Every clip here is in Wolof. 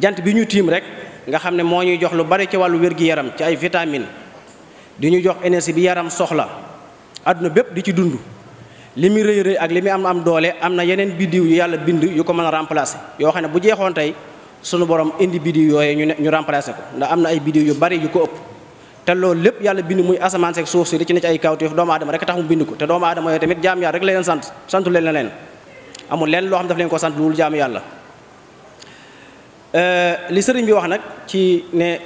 jant bi ñu tiim rek nga xam ne moo ñuy jox lu bari ci wàllu wér-gi-yaram ci ay vitamine di ñu jox énergie bi yaram soxla àdduna bépp di ci dund li mi rëy rëy ak li muy am am doole am na yeneen biddiw yu yàlla bind yu ko mën a remplacer yoo xam ne bu jeexoon tey sunu borom indi biddiw yooyu ñu ne ñu remplacer ko ndax am na ay biddiw yu bari yu ko ëpp te loolu lépp yàlla bind muy asamaan seeg suuf si di ci ne ci ay kawtéef doomu aadama rek tax mu bind ko te doomu aadama tamit jaam yàlla rek la sant santu leen la leen amul leen loo xam daf leen ko sant lu yàlla Euh, li sëriñ bi wax nag ci ne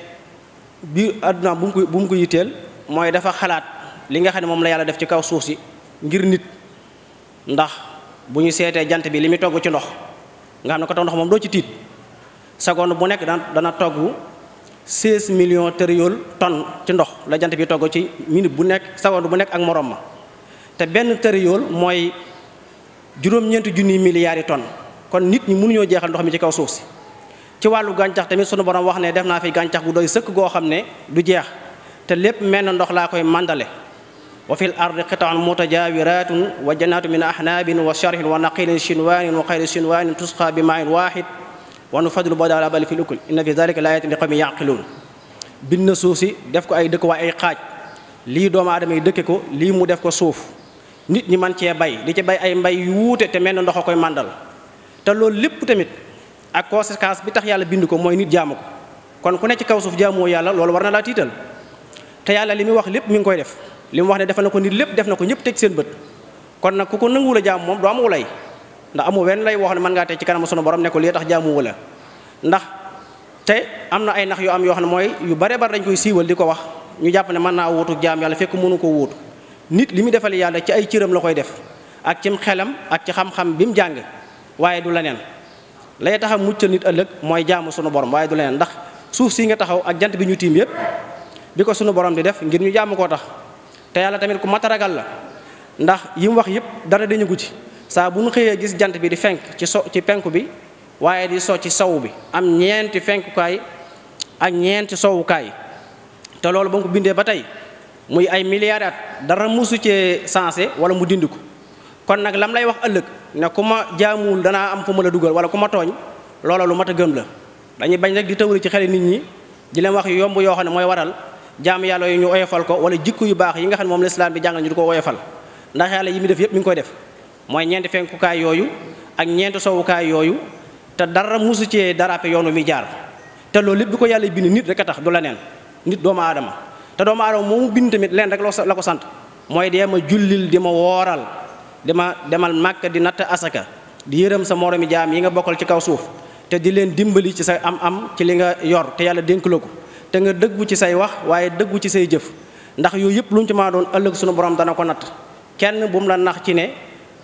bi àdduna bu mu ko bu mu ko yitteel mooy dafa xalaat li nga xam ne moom la yàlla def ci kaw suuf si ngir nit ndax bu ñu seetee jant bi li muy togg ci ndox nga xam ne ko tax ndox moom doo ci tiit seconde bu nekk dana dana togg 16 millions tëriool tonnes ci ndox la jant bi togg ci minute bu nekk seconde bu nekk ak moroom ma te benn tëriool mooy juróom-ñeenti junniy milliards yi kon nit ñi mënuñoo jeexal ndox mi ci kaw suuf si ci wàllu gàncax tamit sunu borom wax ne def naa fi gàncax gu doy sëkk goo xam ne du jeex te lépp mel na ndox laa koy màndale wa fil ardi qita'un mutajaawiratun wa jannatu min ahnaabin wa sharhin wa naqilin shinwaanin wa xayri shinwaanin tusqa bi maa'in waahid wa nufaddilu ba'daha 'alaa ba'din fil ukl inna fi dhalika laayatin li qawmin ya'qiluun bind na suuf si def ko ay dëkkuwaay ay xaaj lii doomu aadama yi dëkke ko lii mu def ko suuf nit ñi man cee bay di ci bay ay mbay yu wuute te mel na ndox koy màndal te loolu lépp tamit ak conséquence bi tax yàlla bind ko mooy nit jaamu ko kon ku ne ci kaw suuf jaamoo yàlla loolu war na laa tiital te yàlla li muy wax lépp mi ngi koy def li mu wax ne defal na ko nit lépp def na ko ñëpp teg seen bët kon nag ku ko nanguwul a moom doo amu lay ndax amu wenn lay wax ne mën ngaa ci kanam sunu borom ne ko lii tax jaamuwu la ndax te am na ay nax yu am yoo xam ne mooy yu bare bare dañ koy siiwal di ko wax ñu jàpp ne mën naa wuutu jaam yàlla fekk mënu ko wuutu nit li muy defal yàlla ci ay cëram la koy def ak cim xelam ak ci xam-xam bi mu jàng waaye du leneen lay tax a muccal nit ëllëg mooy jàmm sunu borom waaye du leneen ndax suuf si nga taxaw ak jant bi ñu tiim yépp bi ko sunu borom di def ngir ñu jàmm koo tax te yàlla tamit ku mataragal la ndax yi mu wax yépp dara dañu ko ci saa bu ñu xëyee gis jant bi di fenk ci so ci penku bi waaye di so ci sow bi am ñeenti fenkukaay ak ñeenti sowukaay te loolu ba mu ko bindee ba tey muy ay milliards dara musu cee sensé wala mu dindi ko kon nag lam lay wax ëllëg ne ku ma jaamuwul danaa am fu ma la dugal wala ku ma tooñ loola lu mat a gëm la dañu bañ rek di tawri ci xel nit ñi di leen wax yu yomb yoo xam ne mooy waral jaam yàlla yu ñu oyofal ko wala jikko yu baax yi nga xam ne moom lislaam bi jàngal ñu di ko oyofal ndax yàlla yi mu def yëpp mi ngi koy def mooy ñeenti fenkukaay yooyu ak ñeenti sowukaay yooyu te dara musu cee darape yoonu mi jaar te loolu lépp bi ko yàlla bind nit rek a tax du la neen nit doomu aadama te doomu aadama moomu bind tamit leen rek la ko sant mooy dee ma jullil di ma wooral dama demal màkk di natt asaka di yërëm sa moromi jaam yi nga bokkal ci kaw suuf te di leen dimbali ci sa am-am ci li nga yor te yàlla dénk la ko te nga dëggu ci say wax waaye dëggu ci say jëf ndax yooyu yëpp luñ ci maa doon ëllëg sunu borom dana ko natt kenn bu mu la nax ci ne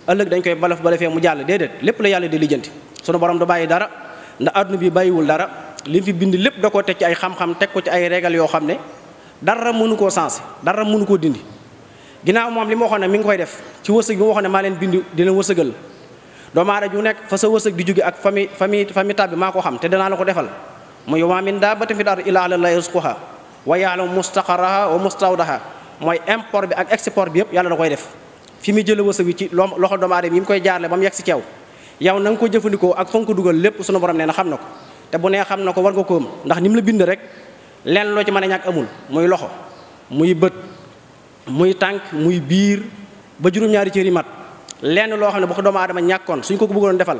ëllëg dañ koy balaf balafee mu jàll déedéet lépp la yàlla di lijjanti sunu borom du bàyyi dara ndax àdduna bi bàyyiwul dara li fi bind lépp da koo teg ci ay xam-xam teg ko ci ay régal yoo xam ne dara mënu koo sensé dara mënu koo dindi ginnaaw moom li ma waxoon ne mi ngi koy def ci wërsëg bi ma waxoon ne maa leen bind di leen wërsëgal doomu aadama ju nekk fa sa wërsëg di jóge ak fami fami fami tab bi maa ko xam te danaa la ko defal muy wa maa min daabbatin fil ardi mooy import bi ak export bi yëpp yàlla da koy def fi muy jële wërsëg bi ci loxo doomu aadama yi mu koy jaarle ba mu yegg si ceew yow na nga ko jëfandikoo ak fa nga lépp sunu borom nee na na ko te nee xam na ko war nga koom ndax ni mu la bind rek leen loo ci mën a ñàkk amul muy loxo muy bët muy tànk muy biir ba juróom-ñaari cër mat lenn loo xam ne bu ko doomu aadama ñàkkoon suñ ko ko bëggoon defal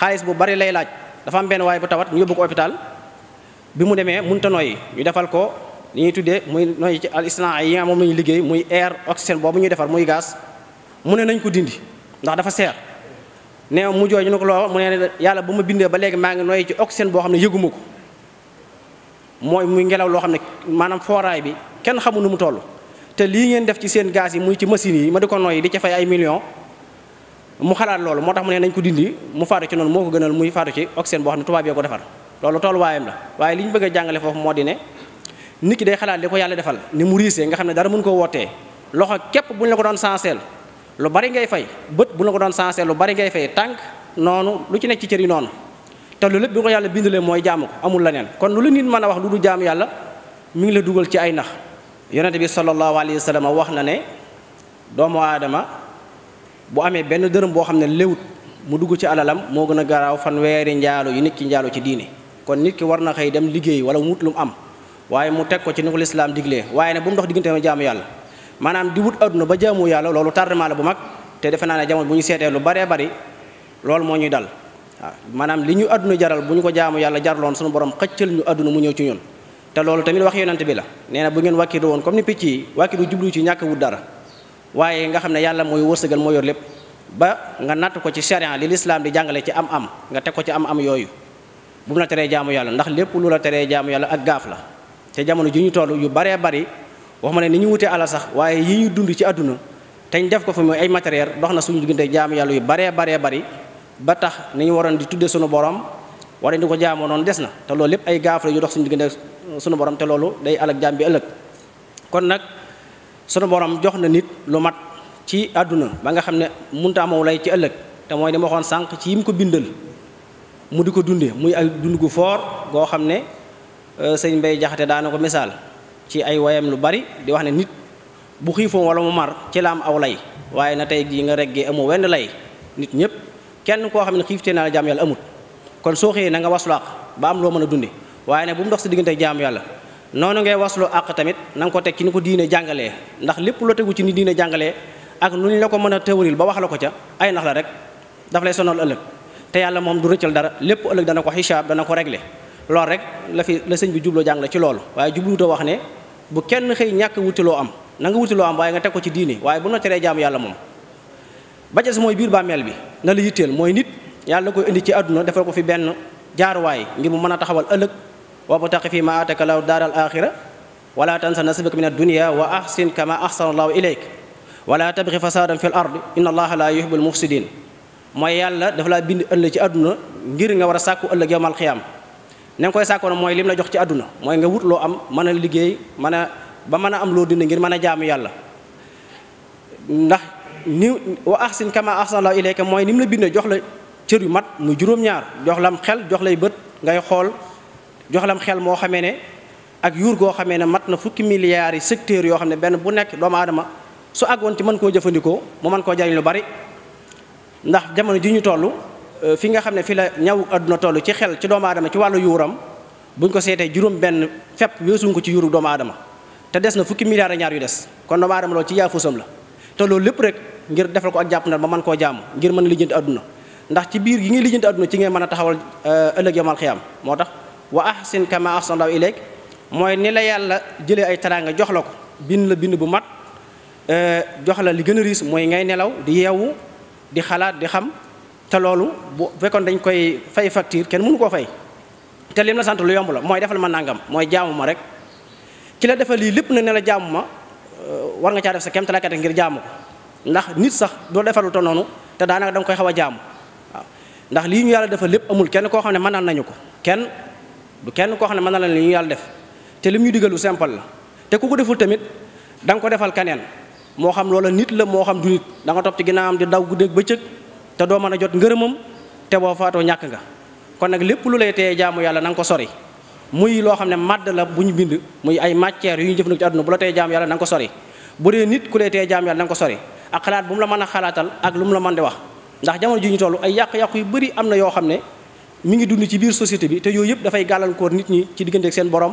xaalis bu bari lay laaj dafa am benn waay bu tawat ñu yóbbu ko hôpital bi mu demee mënta noyyi ñu defal ko li ñuy tuddee muy noyyi ci al islam ay yi nga moom la ñuy liggéey muy air oxygène boobu ñuy defar muy gaz mu ne nañ ko dindi ndax dafa seer nee mu jooy ñu ne ko loo mu ne yàlla ba ma bindee ba léegi maa ngi noyyi ci oxygène boo xam ne yëguma ko mooy muy ngelaw loo xam ne maanaam fooraay bi kenn xamu mu toll te lii ngeen def ci seen gaz yi muy ci machines yi ma di ko noyyi di ca fay ay millions mu xalaat loolu moo tax mu ne nañ ko dindi mu faatu ci noonu moo ko gënal muy faatu ci oxygène boo xam ne tubaab yi ko defar loolu tolluwaayam la waaye li ñu bëgg a jàngale foofu moo di ne nit ki day xalaat li ko yàlla defal ni mu riisee nga xam ne dara mën koo wootee loxo képp bu ñu la ko doon sanseel lu bari ngay fay bët bu ñu la ko doon sanseel lu bari ngay fay tànk noonu lu ci nekk ci cër yi noonu te lu lépp bi ko yàlla bindalee mooy jaamu ko amul leneen kon lu mën a wax lu du jaam yàlla mi ngi la dugal ci ay nax yonente bi sallallahu alayhi wa sallam wax na ne doomu aadama bu amee benn dërëm boo xam ne léwut mu dugg ci alalam moo gën a garaaw fanweeri njaalo yu nit ki njaalo ci diine kon nit ki war na xëy dem liggéey wala mu wut lu mu am waaye mu teg ko ci ni ko lislaam diglee waaye ne bu mu dox diggante ma jaamu yàlla maanaam di wut adduna ba jaamu yàlla loolu tardement la bu mag te defe naa ne jamono bu ñu seetee lu baree bari loolu moo ñuy dal waaw maanaam li ñu adduna jaral bu ko jaamu yàlla jarloon sunu borom xëccal ñu adduna mu ñëw ñun te loolu tamit wax yonent bi la nee na bu ngeen wàkkilu woon comme ni picc yi wàkkilu jublu ci ñàkk wut dara waaye nga xam ne yàlla mooy wërsëgal moo yor lépp ba nga natt ko ci sharia li lislaam di jàngale ci am am nga teg ko ci am am yooyu bu mu la teree jaamu yàlla ndax lépp lu la teree jaamu yàlla ak gaaf la te jamono ji ñu toll yu baree bari wax ma ne ni ñu wutee ala sax waaye yi ñu dund ci àdduna teñ def ko fi muy ay matériel dox na suñu diggante jaamu yàlla yu baree baree bari ba tax ni ñu waroon di tuddee suñu borom wala di ko jaamoo noonu des na te loolu lépp ay gaaf la yu dox suñu diggante sunu borom te loolu day alak jaam bi ëllëg kon nag sunu borom jox na nit lu mat ci àdduna ba nga xam ne munta amow lay ci ëllëg te mooy dama waxoon sànq ci yi mu ko bindal mu di ko dunde muy ay dund gu foor goo xam ne euh, sëñ Mbay Jaxate daana ko misaal ci ay wayam lu bari di wax ne nit bu xiifoon wala mu mar ci la am aw lay waaye na tey jii nga reggee amoo wenn lay nit ñëpp kenn koo xam ne xiiftee naa la jaam yàlla amut kon soo xëyee na nga waslaax ba am loo mën a dunde waaye ne bu mu dox sa diggante ak jaamu yàlla noonu ngay waslu àq tamit na nga ko teg ci ni ko diine jàngalee ndax lépp loo tegu ci ni diine jàngalee ak nu ñu la ko mën a tëwalil ba wax la ko ca ay nax la rek daf lay sonal ëllëg te yàlla moom du rëccal dara lépp ëllëg dana ko xisaab dana ko régler loolu rek la fi la sëñ bi jubloo jàngale ci loolu waaye jubluwutoo wax ne bu kenn xëy ñàkk wuti loo am na nga wuti loo am waaye nga teg ko ci diine waaye bu noteree jaamu yàlla moom ba ca mooy biir bàmmeel bi na la yitteel mooy nit yàlla koy indi ci àdduna defal ko fi benn jaaruwaay ngir mu mën a taxawal ëllëg wabtaqi fi ma ataka law daar al axira wala tansa nasibaka min addunia wa ahsin kama ahsana allahu ilayk wala tabxi fasadan fi l ard inna allaha la yuhibu almufsidin mooy yàlla dafa laa bind ëllëg ci àdduna ngir nga war a sàkku ëllëg yowmal xiyaam na nga koy sàkkoon mooy lim la jox ci àdduna mooy nga wut loo am mën a liggéey mën a ba mën a am loo dund ngir mën a jaamu yàlla ndax ni wa ahsin kama ahsana allahu mooy ni la bind jox la cër yu mat muy juróom-ñaar jox la xel jox lay bët ngay xool jox lam xel moo xamee ne ak yuur goo xamee ne mat na fukki milliar yi secteur yoo xam ne benn bu nekk doomu aadama su àggoon ci mën koo jëfandikoo mu man koo jariñ lu bari ndax jamono ji ñu toll euh, fi nga xam ne fi la ñaw àdduna toll ci xel ci doomu ci wàllu yuuram buñ ko seetee juróom benn fépp weesuñ ko ci yuuru doomu te des na fukki milliards ñaar yu des kon doomu aadama loolu ci yaafusam la te loolu lépp rek ngir defal ko ak jàpp na ba mën koo jaamu ngir mën a lijjanti àdduna ndax ci biir yi ngay lijjanti àdduna ci ngay mën a taxawal euh, ëllëg yomal xiyaam moo tax wa ahsin kama ahsana Allahu ilayk mooy ni la yàlla jëlee ay teraanga jox la ko bind la bind bu mat euh, jox la li gën a riis mooy ngay nelaw di yeewu di xalaat di xam te loolu bu fekkoon dañ koy fay facture kenn mënu koo fay te lim la sant lu yomb la mooy defal ma nangam mooy jaamu rek ki la defal lii lépp na ne la jaamu ma euh, war nga caa def sa kem talaakate ngir jaamu ko ndax nit sax doo defalu te noonu te daanaka da nga koy xaw a jaamu ndax lii ñu yàlla defal lépp amul kenn koo xam ne mënaan nañu ko du kenn koo xam ne mën na la li ñu yàlla def te li mu ñu digal lu la te ku ko deful tamit da nga ko defal keneen moo xam loola nit la moo xam du nit da nga topp ci am di daw guddeeg bëccëg te doo mën a jot ngërëmam te boo faatoo ñàkk nga kon nag lépp lu lay teye jaamu yàlla na nga ko sori muy loo xam ne màdd la bu ñu bind muy ay matières yu ñu jëfandikoo ci àdduna bu la teye jaamu yàlla na nga ko sori bu dee nit ku lay teye jaamu yàlla na ko sori ak xalaat bu la mën a xalaatal ak lu mu la mën di wax ndax jamono ñu toll ay yàq-yàqu yu bëri am na yoo xam ne mi ngi dund ci biir société bi te yooyu yëpp dafay gàllankoor nit ñi ci diggante ak seen borom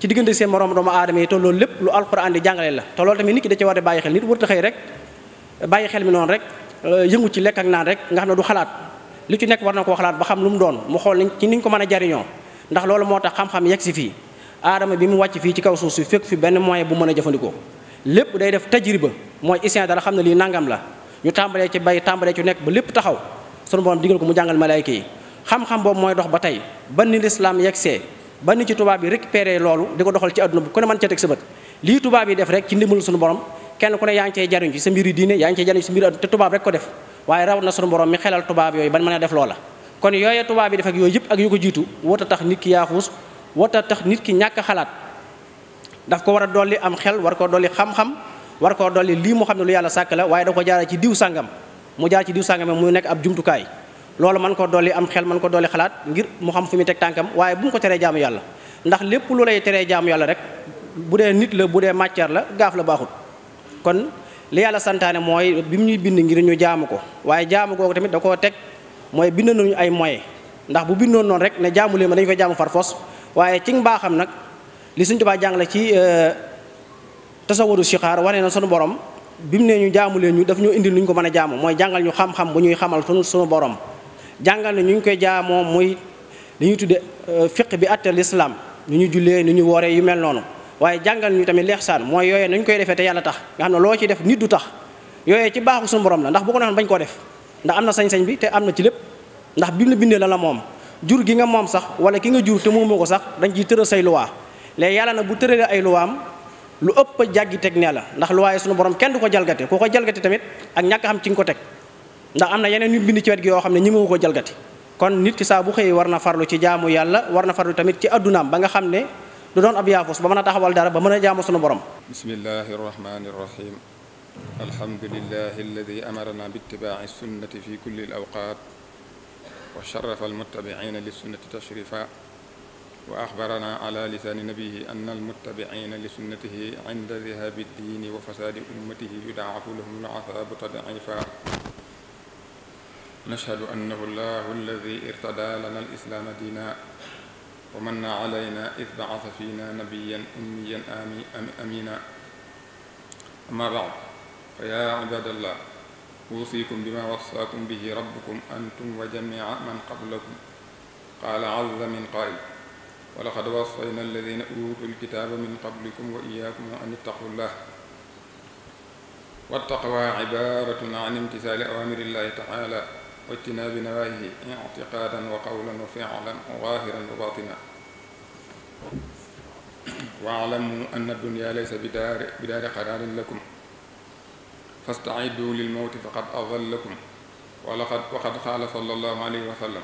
ci diggante seen morom doomu aadama yi te loolu lépp lu alxuraan di jàngale la te loolu tamit nit ki da ci war a xel nit warut rek bàyyi euh, ci lekk naan rek nga xam ne du xalaat lu ci nekk war na koo xalaat ba xam lu mu doon mu xool ci niñ ko mën a jariñoo ndax loolu moo tax xam-xam si fii aadama bi mu wàcc fii ci kaw suuf si benn moyen bu mën a jëfandikoo lépp day def tajriba mooy isien dara xam ne lii nangam la ñu tàmbalee ci bay tàmbalee ci nekk ba lépp taxaw sunu borom digal ko mu jàngal malaayka yi xam-xam boobu mooy dox ba tey ba ni lislaam yegsee ba ni ci tubaab yi récupéré loolu di ko doxal ci àdduna bu ku ne man ca teg sa bët lii tubaab yi def rek ci ndimbalu suñu borom kenn ku ne yaa ngi cey jariñ ci sa mbiri diine yaa ngi cey jariñ ci sa mbiri te tubaab rek ko def waaye rawat na suñu borom mi xelal tubaab yooyu ban mën a def loola kon yooye tubaab yi def ak yooyu yëpp ak yu ko jiitu wota tax nit ki yaaxuus wota tax nit ki ñàkk xalaat daf ko war a dolli am xel war koo dolli xam war koo dolli lii mu xam ne lu yàlla sàkk la waaye da ko jaara ci diw sàngam mu jaar ci diw sàngam mu nekk ab jumtukaay loolu man ko dolli am xel man ko dolli xalaat ngir mu xam fu muy teg tànkam waaye bu mu ko teree jaamu yàlla ndax lépp lu lay teree jaamu yàlla rek bu dee nit la bu dee matière la gaaf la baaxut kon li yàlla santaane mooy bi mu ñuy bind ngir ñu jaamu ko waaye jaamu googu tamit da koo teg mooy bind nañu ay moyens ndax bu bindoon noonu rek ne jaamu leen ma dañu ko jaamu farfos waaye ci mbaaxam nag li suñ tubaa jàngale ci euh, tasawuru sixaar wane na sunu borom bi mu ne ñu jaamu leen ñu daf ñoo indil lu ko mën a jaamu mooy jàngal ñu xam bu ñuy xamal sunu sunu borom jàngal na ñu ñu koy jaamoo muy li ñuy tudde euh, fiq bi àtte lislaam nu ñu jullee nu ñu wooree yu mel noonu waaye jàngal ñu tamit saan mooy yooyee nañ koy defee te yàlla tax nga xam ne loo ciy def nit du tax yooyee ci baaxu suñu borom la ndax bu ko neexoon bañ koo def ndax am na sañ-sañ bi te am na ci lépp ndax bi mu la bindee la la moom jur gi nga moom sax wala ki nga jur te moomoo ko sax dañ ciy tëral say luwaa léegi yàlla na bu tëralee ay luwaam lu ëpp a jàggi teg la ndax luwaa yi suñu borom kenn du ko jalgate ku ko jalgate tamit ak ñàkk xam ci nga ko teg ndax am na yeneen ñu bind ci wet gi yoo xam ne ñi ma ko jalgati kon nit ki saa bu xëyee war na farlu ci jaamu yàlla war na farlu tamit ci addunaam ba nga xam ne du doon ab yaafus ba mën a taxawal dara ba mën a jaamu sunu borom bismillahi rahmani rahim alhamdulillahi bi amarana bittibaai sunnati fi kulli al awqat wa sharafa almuttabiina lissunnati tashrifa wa axbarana ala lisaani nabihi an almuttabiina lisunnatihi inda dihabi ddiini wa fasaadi ummatihi yudaafu lahum alasabu tadifa نشهد أنه الله الذي ارتدى لنا الإسلام دينا ومن علينا إذ بعث فينا نبيا أميا أمينا أما بعد فيا عباد الله أوصيكم بما وصاكم به ربكم أنتم وجميع من قبلكم قال عز من قائل ولقد وصينا الذين أوتوا الكتاب من قبلكم وإياكم أن اتقوا الله والتقوى عبارة عن امتثال أوامر الله تعالى wajtinaa bi nawaahihi i'tiqaadan wa qawlan wa fi'lan wa zaahiran wa baatinan wa'lamuu anna ad-dunyaa laysa bidaari qaraarin lakum fasta'iduu lil-mawti faqad adhallakum wa laqad wa qad qaala sallallaahu alayhi wa sallam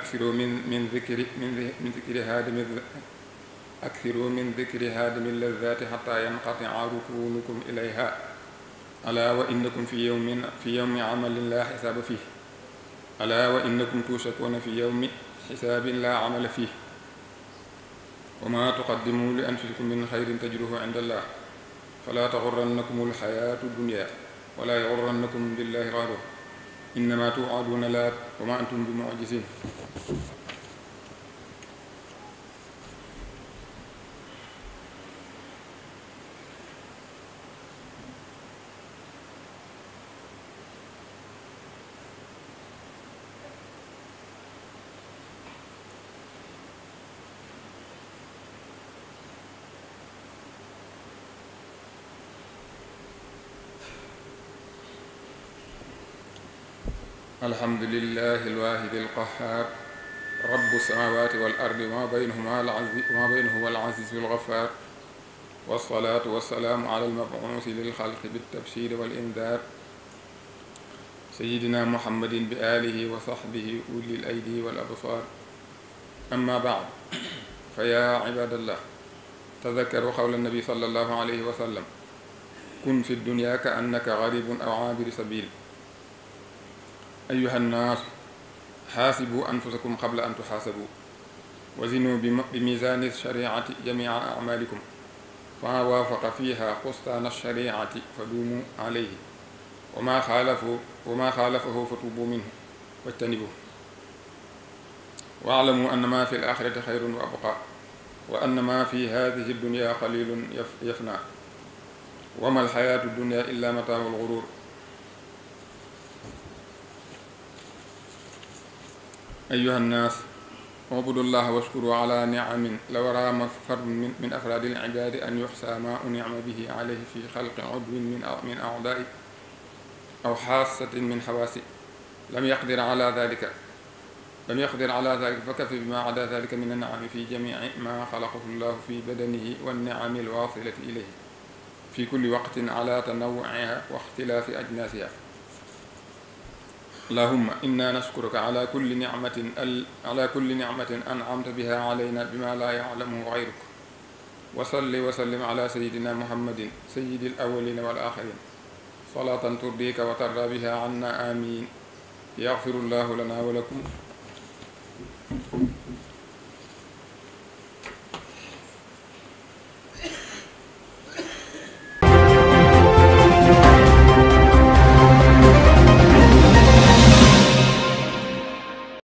aksiruu min min zikri min zikri haadimi aksiruu min zikri haadimi llazzaati hattaa yanqati'a rukuunukum ilayhaa alaa wa innakum fi yawmin fi yawmi amalin laa hisaaba fiihi alaa wa innakum tuushakuuna fi yowmi xisaabin laa amala fii wa maa tuqaddimu li anfusikum min xayrin tajiduhu inda allah falaa taxurrannakum alxayaatu dunya wala yaxurrannakum billahi xaru innama tuuaduuna laat wa ma antum bi mucjisin alhamdulillahi alwaahidi alqahaar rabbu samaawaati wal ardi wa ma baynahu wal aziizu alghafaar wassalaatu wassalaamu ala almabuusi lilxalqi bittabshiiri wal imdaad sayidina muhammadin bi aalihi wa saxbihi ulil aydi wal absaar amma baad fa yaa ibaadallah tadakkaru qawla nabi sallallahu alayhi wa sallam kun fi dunya ka annaka garibun aw aabiri sabiil أيها الناس حاسبوا أنفسكم قبل أن تحاسبوا وزنوا بميزان الشريعة جميع أعمالكم فما وافق فيها قسطان الشريعة فدوموا عليه وما خالفه وما خالفه فتوبوا منه واجتنبوه واعلموا أن ما في الآخرة خير وأبقى وأن ما في هذه الدنيا قليل يفنى وما الحياة الدنيا إلا متاع الغرور أيها الناس اعبدوا الله واشكروا على نعم لو رام فرد من, من أفراد العباد أن يحصى ما أنعم به عليه في خلق عضو من من أعضاء أو حاسة من حواسه لم يقدر على ذلك لم يقدر على ذلك فكفى بما عدا ذلك من النعم في جميع ما خلقه الله في بدنه والنعم الواصلة إليه في كل وقت على تنوعها واختلاف أجناسها allahumma inna naskuruka ala kulli nicmatin ala kulli nicmatin ancamta biha alayna bima laa yaclamuhu gayruk wa salli wa sallim ala sayidina muhammadin sayidi alawalina wal axirin salaatan turdika wa tarda biha anna amin yaxfiru llahu lana wa lakum